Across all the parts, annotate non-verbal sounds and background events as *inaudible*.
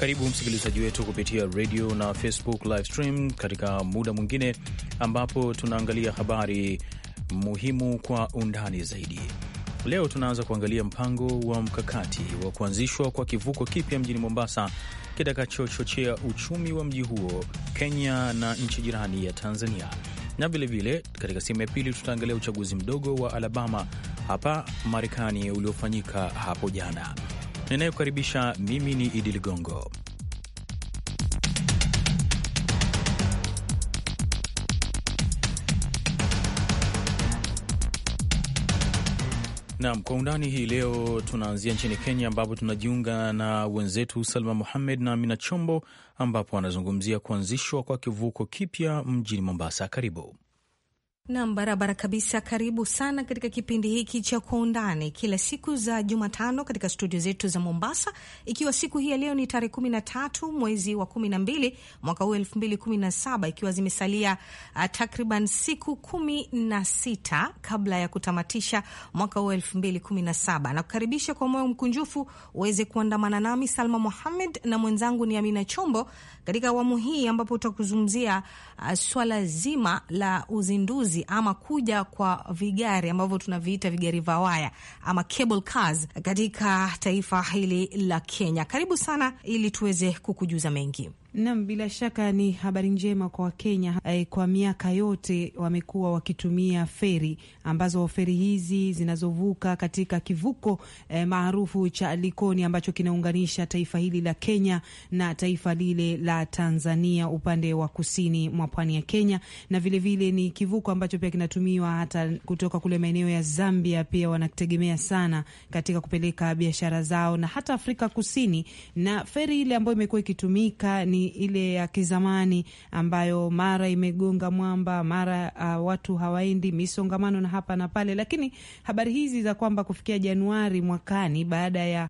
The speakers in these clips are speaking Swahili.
Karibu msikilizaji wetu kupitia radio na Facebook live stream katika muda mwingine ambapo tunaangalia habari muhimu kwa undani zaidi. Leo tunaanza kuangalia mpango wa mkakati wa kuanzishwa kwa kivuko kipya mjini Mombasa kitakachochochea uchumi wa mji huo, Kenya na nchi jirani ya Tanzania, na vilevile katika sehemu ya pili tutaangalia uchaguzi mdogo wa Alabama hapa Marekani uliofanyika hapo jana ninayekukaribisha mimi ni Idi Ligongo. Naam, kwa undani hii leo tunaanzia nchini Kenya ambapo tunajiunga na wenzetu Salma Muhammed na Amina Chombo ambapo anazungumzia kuanzishwa kwa kivuko kipya mjini Mombasa. Karibu. Nam, barabara kabisa. Karibu sana katika kipindi hiki cha Kwa Undani kila siku za Jumatano katika studio zetu za Mombasa, ikiwa siku hii ya leo ni tarehe kumi na tatu mwezi wa kumi na mbili mwaka huu elfu mbili kumi na saba ikiwa zimesalia uh, takriban siku kumi na sita kabla ya kutamatisha mwaka huu elfu mbili kumi na saba na kukaribisha kwa moyo mkunjufu uweze kuandamana nami Salma Mohamed na mwenzangu ni Amina Chombo katika awamu hii ambapo utakuzungumzia uh, ah, swala zima la uzinduzi magari ama kuja kwa vigari ambavyo tunaviita vigari vya waya ama cable cars katika taifa hili la Kenya. Karibu sana ili tuweze kukujuza mengi. Nam, bila shaka ni habari njema kwa Wakenya. E, kwa miaka yote wamekuwa wakitumia feri ambazo feri hizi zinazovuka katika kivuko e, maarufu cha Likoni ambacho kinaunganisha taifa hili la Kenya na taifa lile la Tanzania upande wa kusini mwa pwani ya Kenya, na vilevile vile ni kivuko ambacho pia kinatumiwa hata kutoka kule maeneo ya Zambia, pia wanategemea sana katika kupeleka biashara zao na hata Afrika Kusini, na feri ile ambayo imekuwa ikitumika ni ile ya kizamani ambayo mara imegonga mwamba, mara uh, watu hawaendi, misongamano na hapa na pale. Lakini habari hizi za kwamba kufikia Januari mwakani baada ya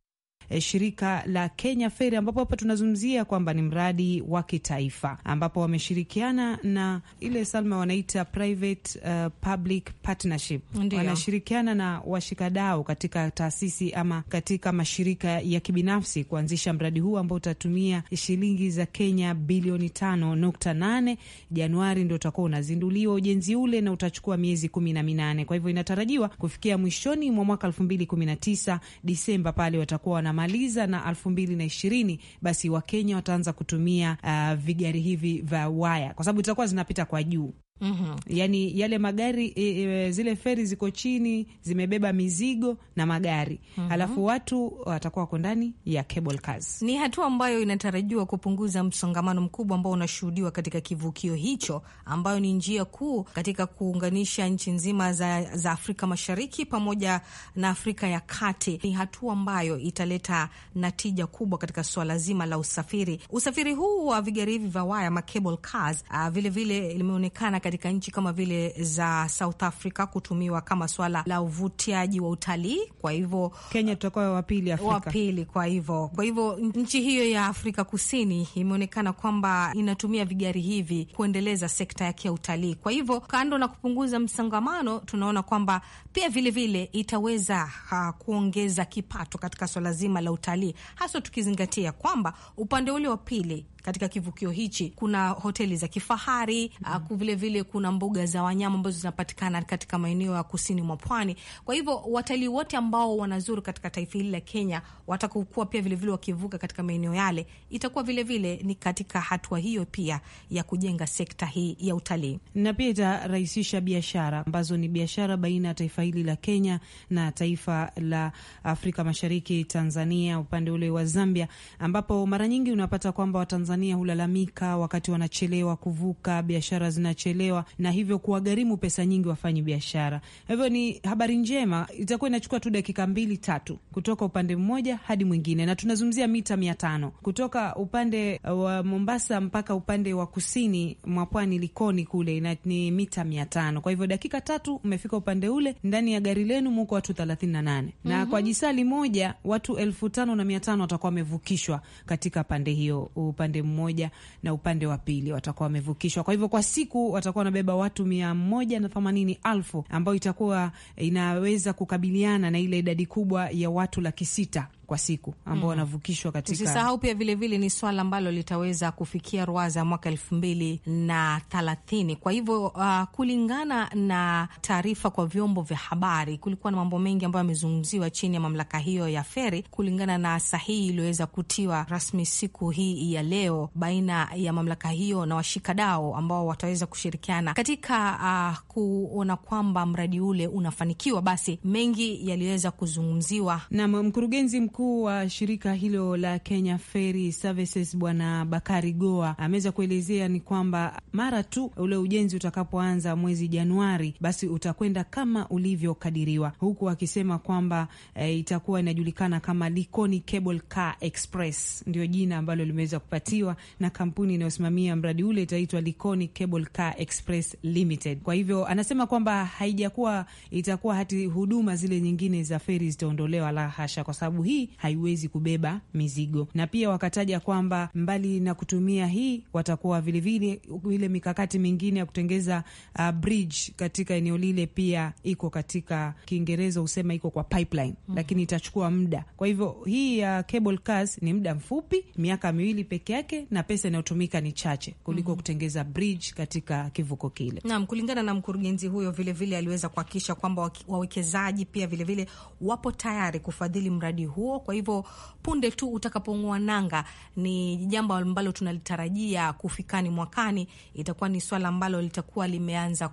Eh, shirika la Kenya Ferry, ambapo hapa tunazungumzia kwamba ni mradi wa kitaifa ambapo wameshirikiana na ile Salma wanaita private uh, public partnership. Wanashirikiana na washikadau katika taasisi ama katika mashirika ya kibinafsi kuanzisha mradi huu ambao utatumia shilingi za Kenya bilioni tano nukta nane. Januari ndio utakuwa unazinduliwa ujenzi ule na utachukua miezi kumi na minane. Kwa hivyo inatarajiwa kufikia mwishoni mwa mwaka elfu mbili kumi na tisa Disemba pale watakuwa wana tunamaliza na elfu mbili na ishirini basi Wakenya wataanza kutumia uh, vigari hivi vya waya kwa sababu zitakuwa zinapita kwa juu mm -hmm. Yani yale magari e, e, zile feri ziko chini zimebeba mizigo na magari mm -hmm. Alafu watu watakuwa wako ndani ya cable cars. Ni hatua ambayo inatarajiwa kupunguza msongamano mkubwa ambao unashuhudiwa katika kivukio hicho, ambayo ni njia kuu katika kuunganisha nchi nzima za, za Afrika Mashariki pamoja na Afrika ya Kati. Ni hatua ambayo italeta natija kubwa katika swala zima la usafiri. Usafiri huu wa vigari hivi vya waya ma cable cars ah, vile limeonekana katika nchi kama vile za South Africa kutumiwa kama swala la uvutiaji wa utalii. Kwa hivyo Kenya tutakuwa wa pili Afrika, wa pili. Kwa hivyo kwa hivyo nchi hiyo ya Afrika Kusini imeonekana kwamba inatumia vigari hivi kuendeleza sekta yake ya utalii. Kwa hivyo kando na kupunguza msangamano tunaona kwamba pia vilevile vile itaweza ha, kuongeza kipato katika swala zima la utalii, haswa tukizingatia kwamba upande ule wa pili katika kivukio hichi kuna hoteli za kifahari mm-hmm. Uh, vilevile kuna mbuga za wanyama ambazo zinapatikana katika maeneo ya kusini mwa pwani. Kwa hivyo watalii wote ambao wanazuru katika taifa hili la Kenya watakuwa pia vilevile vile wakivuka katika maeneo yale, itakuwa vilevile vile ni katika hatua hiyo pia ya kujenga sekta hii ya utalii, na pia itarahisisha biashara ambazo ni biashara baina ya taifa hili la Kenya na taifa la Afrika Mashariki, Tanzania, upande ule wa Zambia, ambapo mara nyingi unapata kwamba Watanzania Tanzania hulalamika wakati wanachelewa kuvuka, biashara zinachelewa na hivyo kuwagharimu pesa nyingi wafanyi biashara. Hivyo ni habari njema, itakuwa inachukua tu dakika mbili tatu kutoka upande mmoja hadi mwingine, na tunazungumzia mita mia tano kutoka upande uh, wa Mombasa mpaka upande wa kusini mwa pwani Likoni kule na ni mita mia tano. Kwa hivyo dakika tatu umefika upande ule, ndani ya gari lenu muko watu thelathini na nane na mm -hmm. kwa jisali moja watu elfu tano na mia tano watakuwa wamevukishwa katika pande hiyo upande upande mmoja na upande wa pili watakuwa wamevukishwa. Kwa hivyo kwa siku watakuwa wanabeba watu mia moja na themanini elfu ambayo itakuwa eh, inaweza kukabiliana na ile idadi kubwa ya watu laki sita kwa siku ambao mm. wanavukishwa katika. Usisahau pia vilevile ni swala ambalo litaweza kufikia ruwaza mwaka elfu mbili na thalathini. Kwa hivyo uh, kulingana na taarifa kwa vyombo vya habari, kulikuwa na mambo mengi ambayo yamezungumziwa chini ya mamlaka hiyo ya feri, kulingana na sahihi iliyoweza kutiwa rasmi siku hii ya leo baina ya mamlaka hiyo na washikadau ambao wataweza kushirikiana katika uh, kuona kwamba mradi ule unafanikiwa. Basi mengi yaliweza kuzungumziwa na mkurugenzi mkuu mkuu wa shirika hilo la Kenya Ferry Services Bwana Bakari Goa ameweza kuelezea ni kwamba mara tu ule ujenzi utakapoanza mwezi Januari, basi utakwenda kama ulivyokadiriwa, huku akisema kwamba e, itakuwa inajulikana kama Likoni Cable Car Express, ndio jina ambalo limeweza kupatiwa na kampuni inayosimamia mradi ule, itaitwa Likoni Cable Car Express Limited. Kwa hivyo anasema kwamba haijakuwa itakuwa hati huduma zile nyingine za feri zitaondolewa, la hasha, kwa sababu hii haiwezi kubeba mizigo, na pia wakataja kwamba mbali na kutumia hii watakuwa vilevile ile mikakati mingine ya kutengeza uh, bridge katika eneo lile, pia iko katika Kiingereza husema iko kwa pipeline mm -hmm. Lakini itachukua muda. Kwa hivyo hii ya uh, cable cars ni muda mfupi, miaka miwili peke yake, na pesa inayotumika ni chache kuliko mm -hmm. kutengeza bridge katika kivuko kile. Naam, kulingana na mkurugenzi huyo vilevile vile aliweza kuhakikisha kwamba wawekezaji pia vilevile vile wapo tayari kufadhili mradi huo kwa hivyo punde tu utakapong'oa nanga, ni jambo ambalo tunalitarajia kufikani mwakani, itakuwa ni swala ambalo litakuwa limeanza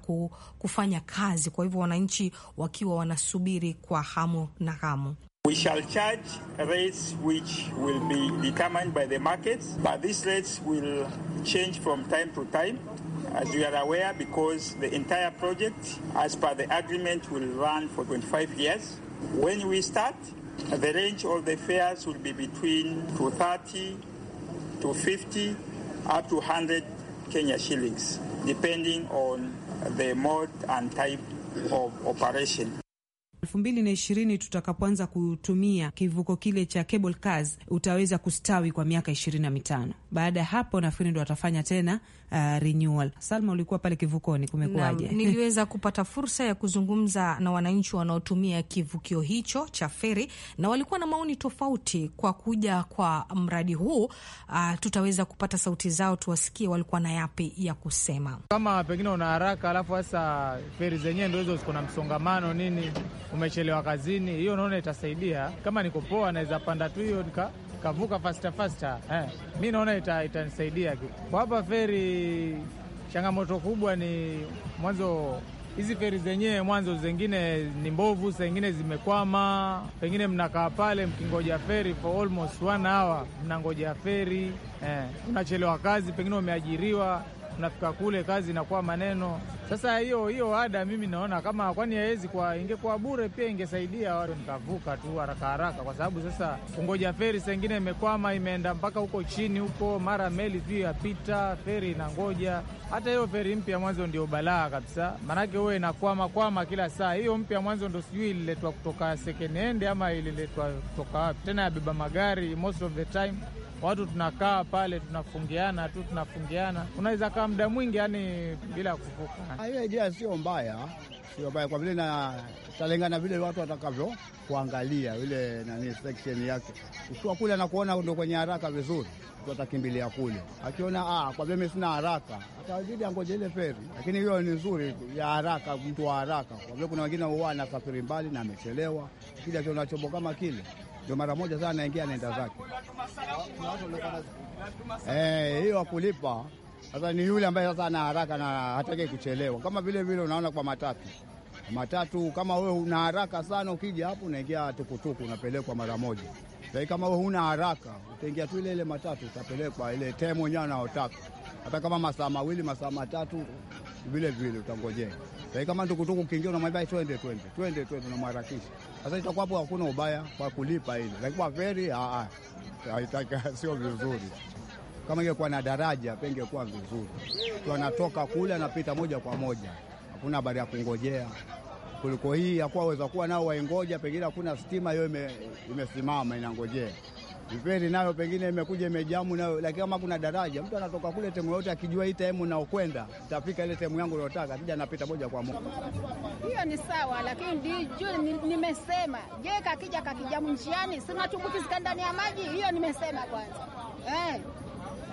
kufanya kazi. Kwa hivyo wananchi wakiwa wanasubiri kwa hamu na hamu. We shall charge rates which will be determined by the markets, but these rates will change from time to time, as you are aware, because the entire project, as per the agreement, will run for 25 years. When we start, The range of the fares will be between 230 to 50 up to 100 Kenya shillings, depending on the mode and type of operation. elfu mbili na ishirini tutakapoanza kutumia kivuko kile cha cable cars utaweza kustawi kwa miaka ishirini na mitano. Baada ya hapo nafikiri ndo watafanya tena uh, renewal. Salma, ulikuwa pale kivukoni, kumekuwaje? Niliweza kupata fursa ya kuzungumza na wananchi wanaotumia kivukio hicho cha feri na walikuwa na maoni tofauti kwa kuja kwa mradi huu. Uh, tutaweza kupata sauti zao tuwasikie walikuwa na yapi ya kusema. Kama pengine una haraka alafu sasa feri zenyewe ndo hizo ziko na msongamano nini umechelewa kazini, hiyo naona itasaidia. Kama niko poa, naweza panda tu hiyo nika kavuka fasta fasta. Eh, mi naona itanisaidia ita kwa hapa feri. Changamoto kubwa ni mwanzo hizi feri zenyewe mwanzo zengine ni mbovu, zengine zimekwama. Pengine mnakaa pale mkingoja feri for almost one hour, mnangoja feri eh, unachelewa kazi, pengine umeajiriwa, unafika kule kazi inakuwa maneno. Sasa hiyo hiyo ada mimi naona kama kwani hawezi kwa, ingekuwa bure pia ingesaidia watu nikavuka tu haraka haraka, kwa sababu sasa kungoja feri sengine imekwama imeenda mpaka huko chini huko, mara meli sijui yapita, feri inangoja. Hata hiyo feri mpya mwanzo ndio balaa kabisa, maanake huwe inakwama kwama kila saa. Hiyo mpya mwanzo ndo sijui ililetwa kutoka second hand ama ililetwa kutoka wapi tena, yabeba magari most of the time watu tunakaa pale tunafungiana tu tunafungiana, unaweza kaa muda mwingi yani bila kuvuka. Hiyo idea sio mbaya, sio mbaya kwa vile na talingana vile watu watakavyo kuangalia ile nani section yake. Ukiwa kule na kuona ndo kwenye haraka vizuri, atakimbilia kule. Akiona ah, kwa vile sina haraka, atazidi angoje ile feri. Lakini hiyo ni nzuri ya haraka, mtu wa haraka, kwa vile kuna wengine huwa anasafiri mbali na amechelewa, kila akiona chombo kama kile ndio mara moja sana anaingia, anaenda zake eh, hiyo, wakulipa akulipa sasa ni yule ambaye sasa ana haraka na hataki kuchelewa, kama vile vile unaona kwa matatu matatu kama wewe una haraka sana, ukija hapo unaingia tukutuku, unapelekwa mara moja. Lakini kama wewe huna haraka, utaingia tu ile ile matatu, utapelekwa ile time wenyewe unaotaka, hata kama masaa mawili masaa matatu vile vile utangojea. Lakini kama tukutuku ukiingia, unamwambia twende twende twende twende, unamharakisha. Sasa itakuwa hapo hakuna ubaya kwa kulipa ile, lakini kwa feri *laughs* sio vizuri. Kama ingekuwa na daraja pengekuwa vizuri. anatoka kule anapita moja kwa moja, hakuna habari ya kungojea kuliko hii yakuwa weza kuwa nao waingoja, pengine hakuna stima, hiyo imesimama inangojea viperi, nayo pengine imekuja imejamu nayo. Lakini kama kuna daraja, mtu anatoka kule temu yote akijua hii temu naokwenda itafika ile temu yangu iliyotaka, tija napita moja kwa moja. Hiyo ni sawa, lakini ndiju nimesema, je, kakija kakijamu njiani, sinatumbukizikan ndani ya maji, hiyo nimesema kwanza eh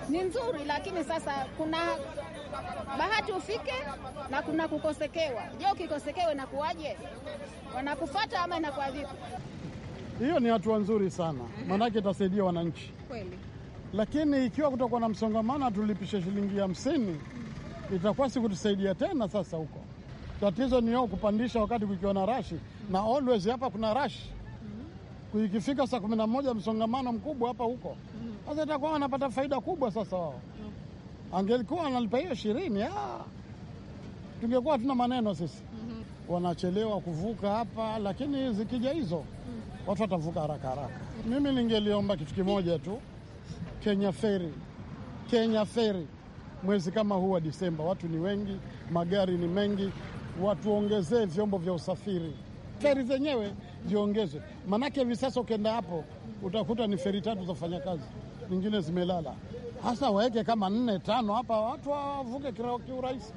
ni nzuri, lakini sasa kuna bahati ufike na kuna kukosekewa. Je, ukikosekewa inakuwaje? Wanakufata ama inakuwa vipi? Hiyo ni hatua nzuri sana, maanake itasaidia wananchi kweli, lakini ikiwa kutakuwa na msongamano tulipishe shilingi hamsini itakuwa si kutusaidia tena. Sasa huko tatizo ni yao kupandisha wakati kukiwa na rashi, na always hapa kuna rashi ikifika saa kumi na moja msongamano mkubwa hapa huko, sasa itakuwa wanapata faida kubwa. Sasa wao angelikuwa wanalipa hiyo ishirini, ah, tungekuwa hatuna maneno sisi. Mhm. Wanachelewa kuvuka hapa, lakini zikija hizo mhm. watu watavuka haraka haraka. Mimi ningeliomba kitu kimoja tu, Kenya feri Kenya feri Mwezi kama huu wa Disemba watu ni wengi, magari ni mengi, watuongezee vyombo vya usafiri, feri zenyewe ziongezwe, maanake hivi sasa ukienda hapo utakuta ni feri tatu zafanya kazi, nyingine zimelala. Hasa waweke kama nne tano hapa, watu wavuke kiurahisi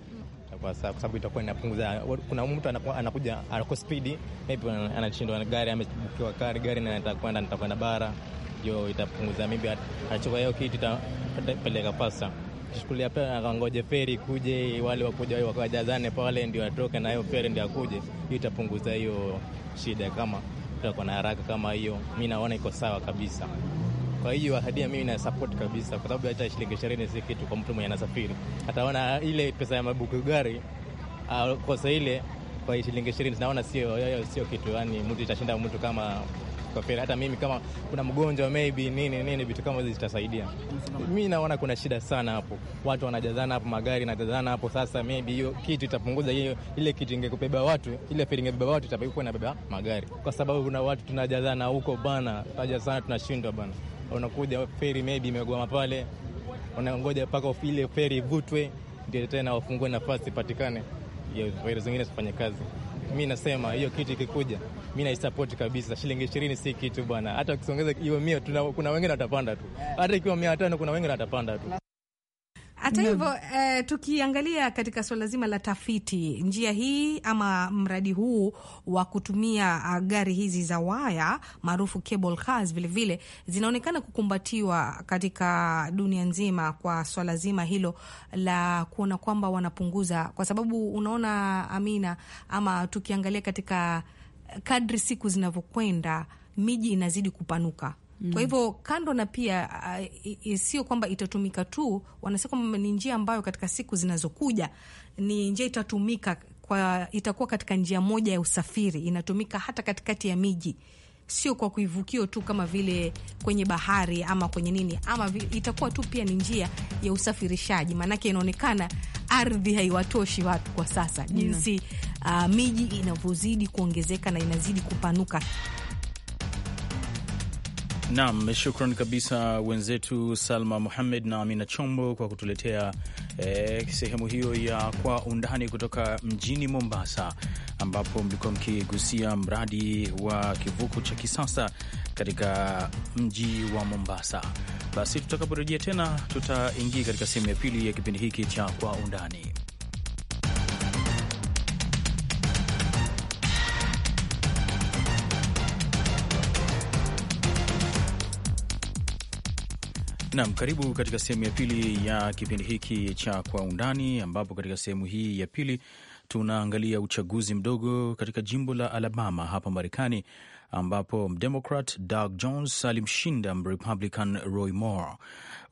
kwa sababu itakuwa inapunguza. Kuna mtu anakuja ako spidi, maybe anashindwa gari, amebukiwa gari gari natakwenda nitakwenda nitakwenda bara, hiyo itapunguza, maybe achukua hiyo kitu itapeleka pasa shukuli pale pera feri kuje, wale wakuja wakajazane pale, ndio atoke na hiyo feri ndio akuje. Hiyo itapunguza hiyo shida, kama tutakuwa na haraka kama hiyo. Mi naona iko sawa kabisa. Kwa hiyo ahadia mimi na support kabisa, kwa sababu hata shilingi ishirini si kitu kwa mtu mwenye anasafiri. Ataona ile pesa ya mabuku gari ah, kosa ile kwa shilingi ishirini, naona sio sio kitu, yani mtu itashinda mtu kama kwa kweli. Hata mimi kama kuna mgonjwa maybe nini nini, vitu kama hizi zitasaidia. Mi naona kuna shida sana hapo, watu wanajazana hapo, magari najazana hapo. Sasa maybe hiyo kitu itapunguza hiyo, ile kitu ingekubeba watu, ile feri ingebeba watu, itakuwa inabeba magari, kwa sababu kuna watu tunajazana huko bana, tunajazana tunashindwa bana, unakuja feri maybe imegoma pale, unangoja mpaka ile feri ivutwe ndio tena wafungue nafasi ipatikane, feri zingine zifanye kazi. Mi nasema hiyo kitu ikikuja mi naisapoti kabisa. Shilingi ishirini si kitu bwana, hata ukisongeza iwe mia, kuna wengine watapanda tu, hata ikiwa mia tano kuna wengine watapanda tu. Hata hivyo eh, tukiangalia katika suala zima la tafiti, njia hii ama mradi huu wa kutumia uh, gari hizi za waya maarufu cable cars vile zinaonekana kukumbatiwa katika dunia nzima kwa swala zima hilo la kuona kwamba wanapunguza, kwa sababu unaona Amina, ama tukiangalia katika kadri siku zinavyokwenda miji inazidi kupanuka. Mm. Kwa hivyo kando na pia uh, sio kwamba itatumika tu, wanasema kwamba ni njia ambayo katika siku zinazokuja ni njia itatumika kwa, itakuwa katika njia moja ya usafiri, inatumika hata katikati ya miji, sio kwa kuivukio tu kama vile kwenye bahari ama kwenye nini ama vile, itakuwa tu pia ni njia ya usafirishaji, maanake inaonekana ardhi haiwatoshi watu kwa sasa jinsi mm uh, miji inavyozidi kuongezeka na inazidi kupanuka. Nam, shukran kabisa wenzetu Salma Muhammed na Amina Chombo kwa kutuletea eh, sehemu hiyo ya Kwa Undani kutoka mjini Mombasa, ambapo mlikuwa mkigusia mradi wa kivuko cha kisasa katika mji wa Mombasa. Basi tutakaporejea tena, tutaingia katika sehemu ya pili ya kipindi hiki cha Kwa Undani. Nam, karibu katika sehemu ya pili ya kipindi hiki cha Kwa Undani, ambapo katika sehemu hii ya pili tunaangalia uchaguzi mdogo katika jimbo la Alabama hapa Marekani, ambapo Mdemokrat Doug Jones alimshinda Mrepublican Roy Moore.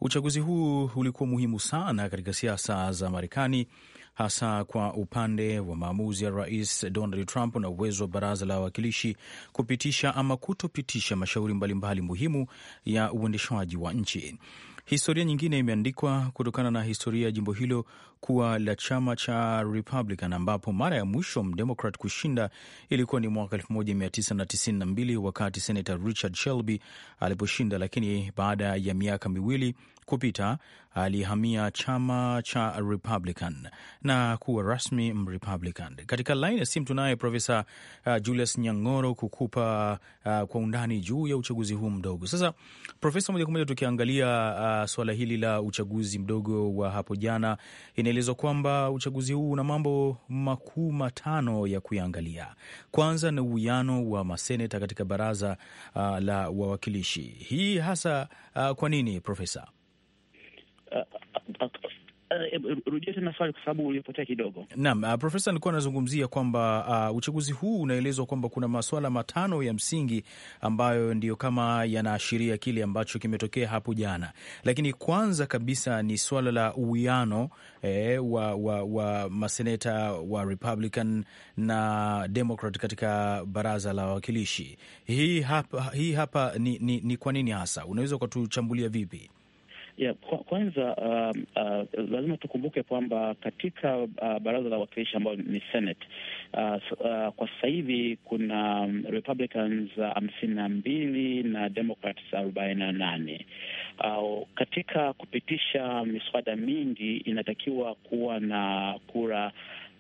Uchaguzi huu ulikuwa muhimu sana katika siasa za Marekani hasa kwa upande wa maamuzi ya Rais Donald Trump na uwezo wa baraza la wawakilishi kupitisha ama kutopitisha mashauri mbalimbali muhimu ya uendeshaji wa nchi. Historia nyingine imeandikwa kutokana na historia ya jimbo hilo kuwa la chama cha Republican ambapo mara ya mwisho mdemokrat kushinda ilikuwa ni mwaka 1992 wakati Senator Richard Shelby aliposhinda, lakini baada ya miaka miwili kupita alihamia chama cha Republican na kuwa rasmi Mrepublican. Katika laini ya simu tunaye Profesa uh, Julius Nyang'oro kukupa uh, kwa undani juu ya uchaguzi huu mdogo. Sasa Profesa, moja kwa moja tukiangalia uh, suala hili la uchaguzi mdogo wa hapo jana, inaelezwa kwamba uchaguzi huu una mambo makuu matano ya kuyaangalia. Kwanza ni uwiano wa maseneta katika baraza uh, la wawakilishi. Hii hasa uh, kwa nini profesa? Uh, uh, Eh, eh, rudia tena swali kwa sababu ulipotea kidogo. Naam, uh, Profesa alikuwa anazungumzia kwamba uh, uchaguzi huu unaelezwa kwamba kuna maswala matano ya msingi ambayo ndiyo kama yanaashiria kile ambacho kimetokea hapo jana, lakini kwanza kabisa ni swala la uwiano eh, wa, wa, wa maseneta wa Republican na Democrat katika baraza la wawakilishi. Hii hapa, hii hapa ni, ni, ni kwa nini hasa, unaweza ukatuchambulia vipi? Yeah, kwanza uh, uh, lazima tukumbuke kwamba katika uh, baraza la wakilishi ambayo ni Senate uh, uh, kwa sasa hivi kuna um, Republicans uh, hamsini uh, na mbili na Democrats arobaini na nane. Uh, katika kupitisha miswada mingi inatakiwa kuwa na kura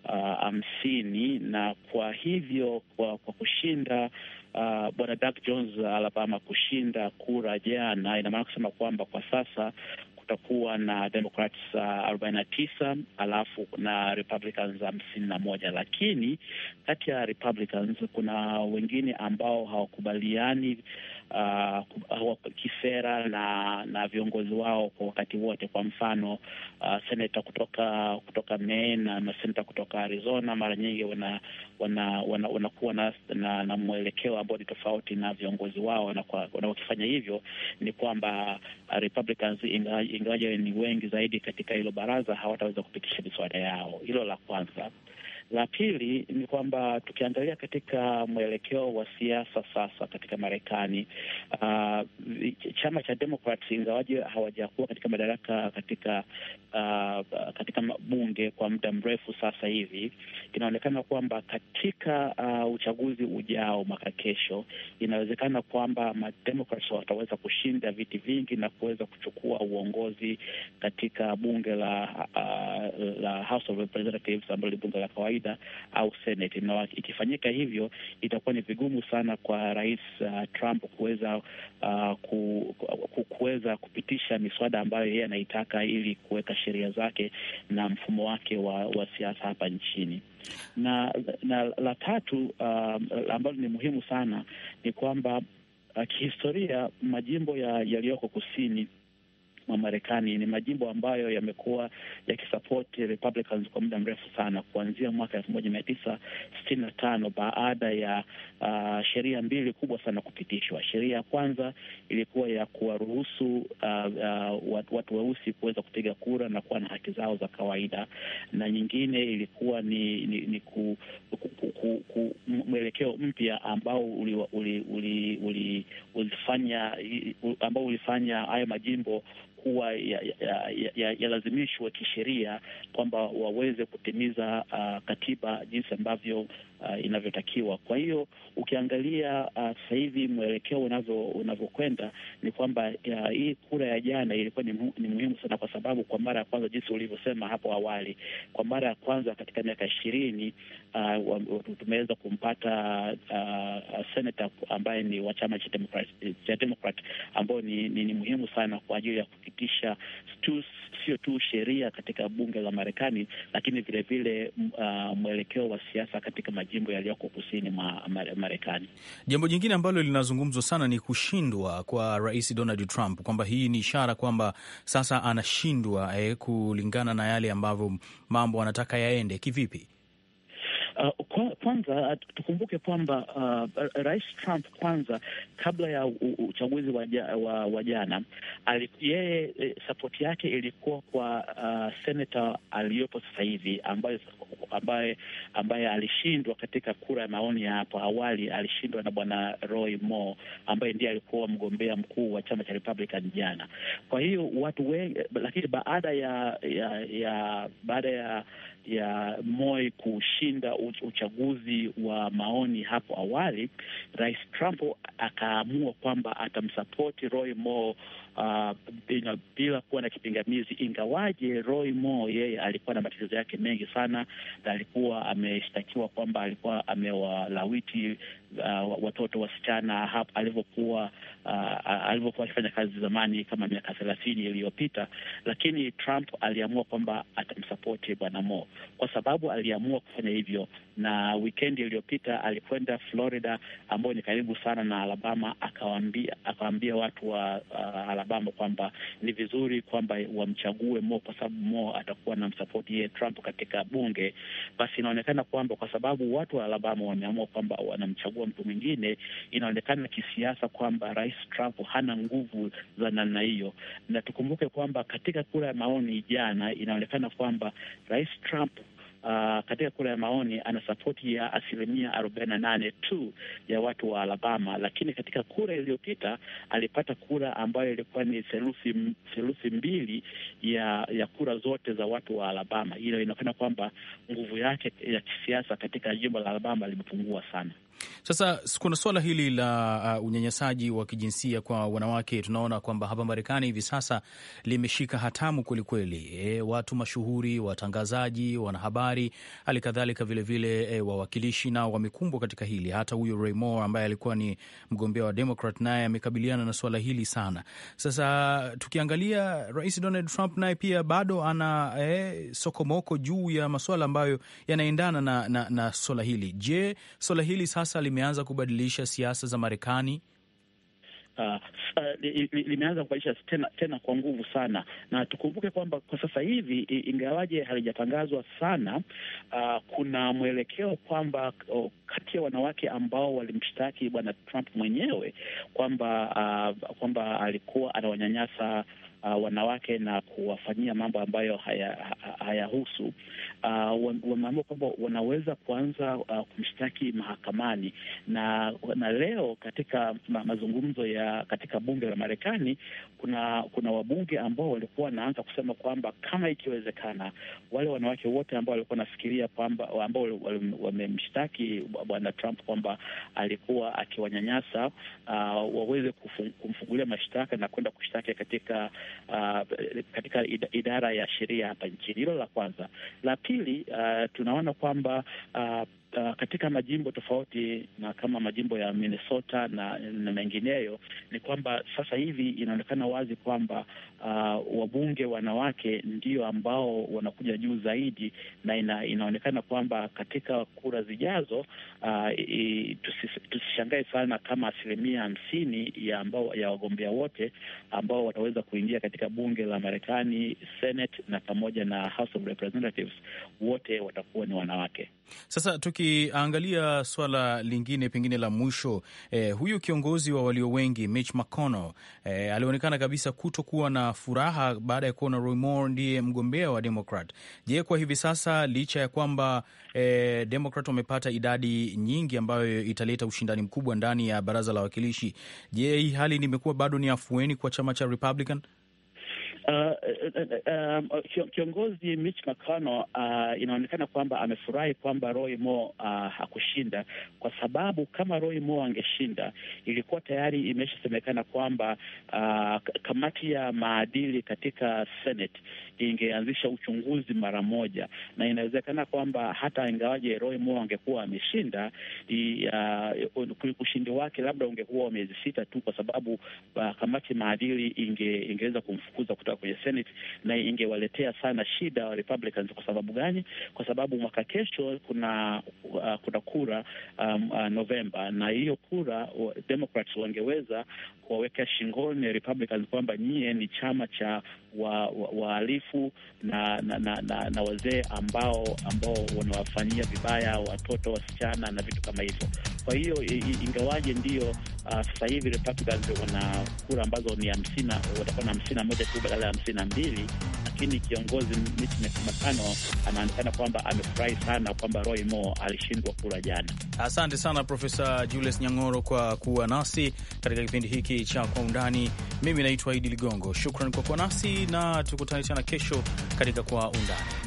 Uh, hamsini uh, na kwa hivyo kwa, kwa kushinda Uh, bwana Doug Jones Alabama kushinda kura jana, ina maana kusema kwamba kwa sasa kutakuwa na Democrats uh, arobaini na tisa alafu na Republicans hamsini na moja lakini kati ya Republicans kuna wengine ambao hawakubaliani Uh, uh, kisera na na viongozi wao kwa wakati wote. Kwa mfano uh, seneta kutoka kutoka Maine na, na seneta kutoka Arizona mara nyingi wanakuwa wana, wana, wana na, na mwelekeo ambao ni tofauti na viongozi wao, na wakifanya hivyo ni kwamba uh, Republicans ingawaje ni wengi zaidi katika hilo baraza hawataweza kupitisha miswada yao. Hilo la kwanza. La pili ni kwamba tukiangalia katika mwelekeo wa siasa sasa katika Marekani, uh, chama cha Demokrat ingawaje hawajakuwa katika madaraka katika uh, katika bunge kwa muda mrefu sasa hivi, inaonekana kwamba katika uh, uchaguzi ujao mwaka kesho, inawezekana kwamba mademokrat wataweza kushinda viti vingi na kuweza kuchukua uongozi katika bunge la uh, la House of Representatives ambalo ni bunge la kawaida kawaida au seneti. na ikifanyika hivyo itakuwa ni vigumu sana kwa Rais uh, Trump kuweza uh, ku, kuweza kupitisha miswada ambayo yeye anaitaka ili kuweka sheria zake na mfumo wake wa, wa siasa hapa nchini na, na la tatu uh, ambalo ni muhimu sana ni kwamba uh, kihistoria majimbo yaliyoko ya kusini mwa Marekani ni majimbo ambayo yamekuwa yakisapoti Republicans kwa muda mrefu sana, kuanzia mwaka elfu moja mia tisa sitini na tano baada ya uh, sheria mbili kubwa sana kupitishwa. Sheria ya kwanza ilikuwa ya kuwaruhusu uh, uh, watu weusi kuweza kupiga kura na kuwa na haki zao za kawaida, na nyingine ilikuwa ni, ni, ni ku, ku, ku, ku, ku, mwelekeo mpya ambao ulifanya uli, uli, uli, uli ambao ulifanya hayo majimbo yatakuwa yalazimishwa ya, ya, ya kisheria kwamba waweze kutimiza uh, katiba jinsi ambavyo uh, inavyotakiwa. Kwa hiyo ukiangalia uh, sasa hivi mwelekeo unavyokwenda ni kwamba uh, hii kura ya jana ilikuwa ni, mu, ni muhimu sana, kwa sababu kwa mara ya kwanza, jinsi ulivyosema hapo awali, kwa mara ya kwanza katika miaka ishirini uh, tumeweza kumpata uh, senata ambaye ni wa chama cha Democrat, cha Democrat ni, ni, ni muhimu sana kwa ajili ya kupitisha sio tu sheria katika bunge la Marekani, lakini vilevile uh, mwelekeo wa siasa katika majimbo yaliyoko kusini mwa Marekani. Jambo jingine ambalo linazungumzwa sana ni kushindwa kwa Rais Donald Trump, kwamba hii ni ishara kwamba sasa anashindwa eh, kulingana na yale ambavyo mambo anataka yaende kivipi? Uh, kwa, kwanza tukumbuke kwamba uh, Rais Trump kwanza kabla ya uchaguzi wa jana yeye eh, sapoti yake ilikuwa kwa uh, senata aliyopo sasa hivi ambaye, ambaye, ambaye alishindwa katika kura ya maoni ya hapo awali, alishindwa na bwana Roy Moore ambaye ndiye alikuwa mgombea mkuu wa chama cha Republican jana. Kwa hiyo watu wengi, lakini baada ya, ya, ya baada ya ya Moi kushinda uchaguzi wa maoni hapo awali, Rais Trump akaamua kwamba atamsapoti Roy Moore uh, bila, kuwa na kipingamizi, ingawaje Roy Moore yeye alikuwa na matatizo yake mengi sana, na alikuwa ameshtakiwa kwamba alikuwa amewalawiti uh, watoto wasichana hapo alivyokuwa uh, alivyokuwa akifanya kazi zamani kama miaka thelathini iliyopita, lakini Trump aliamua kwamba atamsapoti bwana Moore kwa sababu aliamua kufanya hivyo, na wikendi iliyopita alikwenda Florida ambayo ni karibu sana na Alabama, akawaambia akawaambia watu wa uh, Obama kwamba ni vizuri kwamba wamchague Mo kwa sababu Mo atakuwa na msapoti yeye Trump katika bunge, basi inaonekana kwamba kwa sababu watu wa Alabama wameamua kwamba wanamchagua mtu mwingine, inaonekana kisiasa kwamba Rais Trump hana nguvu za namna hiyo, na tukumbuke kwamba katika kura ya maoni jana inaonekana kwamba Rais Trump uh, katika kura ya maoni ana sapoti ya asilimia arobaini na nane tu ya watu wa Alabama, lakini katika kura iliyopita alipata kura ambayo ilikuwa ni theluthi theluthi mbili ya ya kura zote za watu wa Alabama. Hiyo inaonekana kwamba nguvu yake ya kisiasa katika jimbo la Alabama limepungua sana. Sasa kuna suala hili la uh, unyanyasaji wa kijinsia kwa wanawake. Tunaona kwamba hapa Marekani hivi sasa limeshika hatamu kwelikweli. E, watu mashuhuri, watangazaji, wanahabari, hali kadhalika vilevile e, wawakilishi nao wamekumbwa katika hili. Hata huyu Roy Moore ambaye alikuwa ni mgombea wa Demokrat naye amekabiliana na suala hili sana. Sasa tukiangalia Rais Donald Trump naye pia bado ana e, sokomoko juu ya masuala ambayo yanaendana na, na, na swala hili. Je, suala hili sasa sasa limeanza kubadilisha siasa za Marekani? Uh, li, li, li kubadilisha tena, tena kwa nguvu sana, na tukumbuke kwamba kwa sasa hivi ingawaje halijatangazwa sana uh, kuna mwelekeo kwamba oh, kati ya wanawake ambao walimshtaki bwana Trump mwenyewe kwamba uh, kwamba alikuwa anawanyanyasa uh, wanawake na kuwafanyia mambo ambayo hayahusu haya, uh, wameamua kwamba wanaweza kuanza uh, kumshtaki mahakamani na, na leo katika ma, mazungumzo ya katika bunge la Marekani kuna kuna wabunge ambao walikuwa wanaanza kusema kwamba kama ikiwezekana wale wanawake wote ambao walikuwa wanafikiria kwamba ambao wamemshtaki bwana Trump kwamba alikuwa akiwanyanyasa uh, waweze kumfungulia mashtaka na kwenda kushtaki katika uh, katika idara ya sheria hapa nchini. Hilo la kwanza. La pili, uh, tunaona kwamba uh, uh, katika majimbo tofauti na kama majimbo ya Minnesota na, na mengineyo ni kwamba sasa hivi inaonekana wazi kwamba uh, wabunge wanawake ndio ambao wanakuja juu zaidi, na ina, inaonekana kwamba katika kura zijazo uh, tusis, tusishangae sana kama asilimia hamsini ya ambao ya wagombea wote ambao wataweza kuingia katika bunge la Marekani, Senate na pamoja na House of Representatives wote watakuwa ni wanawake. Sasa tukiangalia swala lingine pengine la mwisho eh, huyu kiongozi wa walio wengi Mitch McConnell eh, alionekana kabisa kutokuwa na furaha baada ya kuona Roy Moore ndiye mgombea wa demokrat Je, kwa hivi sasa licha ya kwamba eh, Demokrat wamepata idadi nyingi ambayo italeta ushindani mkubwa ndani ya baraza la wawakilishi, je, hii hali nimekuwa bado ni afueni kwa chama cha Republican? uh, uh, uh, um, uh kiongozi Mitch McConnell uh, inaonekana kwamba amefurahi kwamba Roy Moore uh, hakushinda, kwa sababu kama Roy Moore angeshinda, ilikuwa tayari imeshasemekana kwamba uh, kamati ya maadili katika Senate ingeanzisha uchunguzi mara moja, na inawezekana kwamba hata ingawaje Roy Moore angekuwa ameshinda, uh, ushindi wake labda ungekuwa wa miezi sita tu, kwa sababu uh, kamati maadili inge, ingeweza kumfukuza kutoka kwenye Senate na ingewaletea sana shida wa Republicans. Kwa sababu gani? Kwa sababu mwaka kesho kuna uh, kuna kura um, uh, Novemba, na hiyo kura uh, Democrats wangeweza kuwaweka shingoni Republicans kwamba nyie ni chama cha wahalifu wahalifu na na, na, na, na wazee ambao ambao wanawafanyia vibaya watoto, wasichana na vitu kama hivyo. Kwa hiyo ingawaje ndiyo uh, sasa hivi Republicans wana kura ambazo ni hamsini, watakuwa na hamsini na moja tu badala ya hamsini na mbili lakini kiongozi Mitch McConnell anaonekana kwamba amefurahi sana kwamba Roy Moore alishindwa kura jana. Asante sana Profesa Julius Nyang'oro kwa kuwa nasi katika kipindi hiki cha Kwa Undani. Mimi naitwa Idi Ligongo, shukran kwa kuwa nasi na tukutane tena kesho katika Kwa Undani.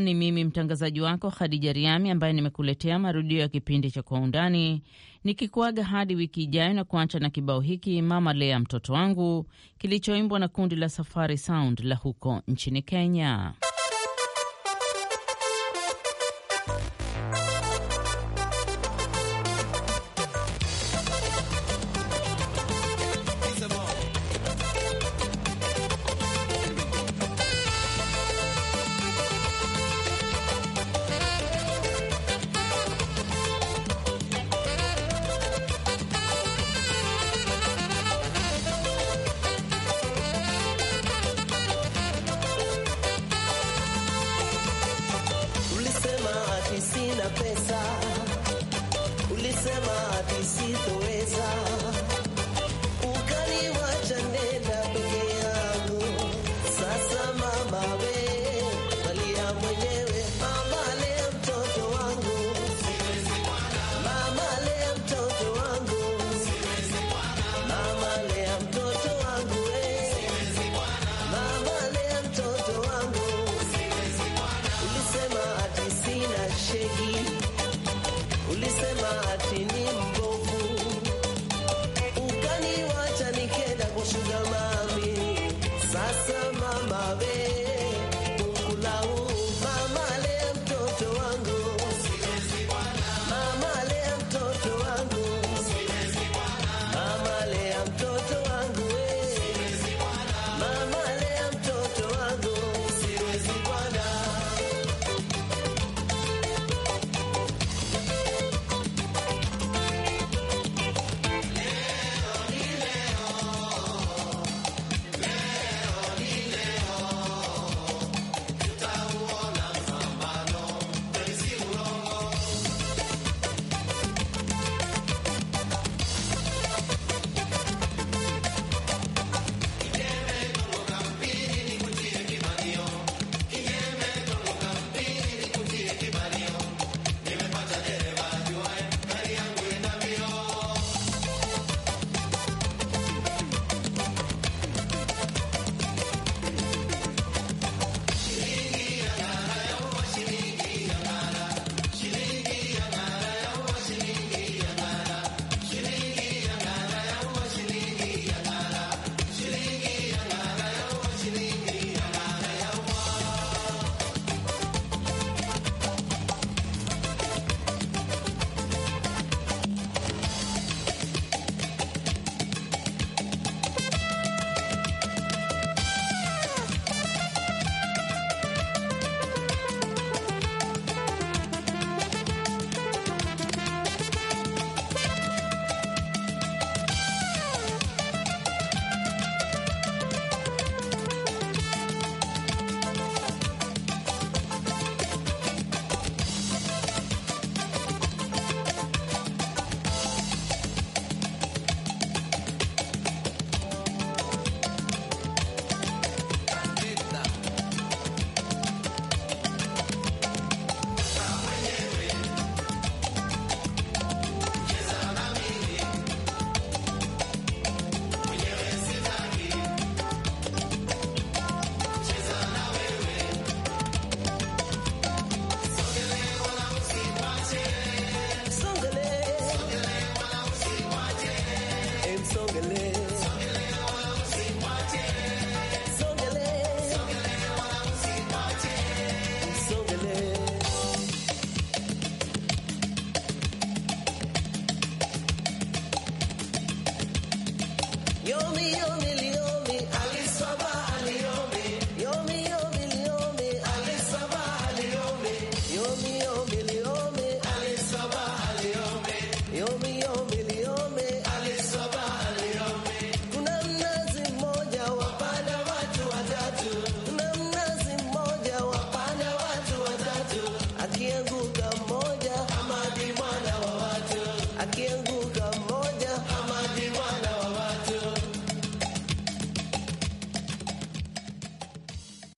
Ni mimi mtangazaji wako Khadija Riami ambaye nimekuletea marudio ya kipindi cha Kwa Undani, nikikuaga hadi wiki ijayo na kuacha na kibao hiki Mama Lea Mtoto Wangu, kilichoimbwa na kundi la Safari Sound la huko nchini Kenya.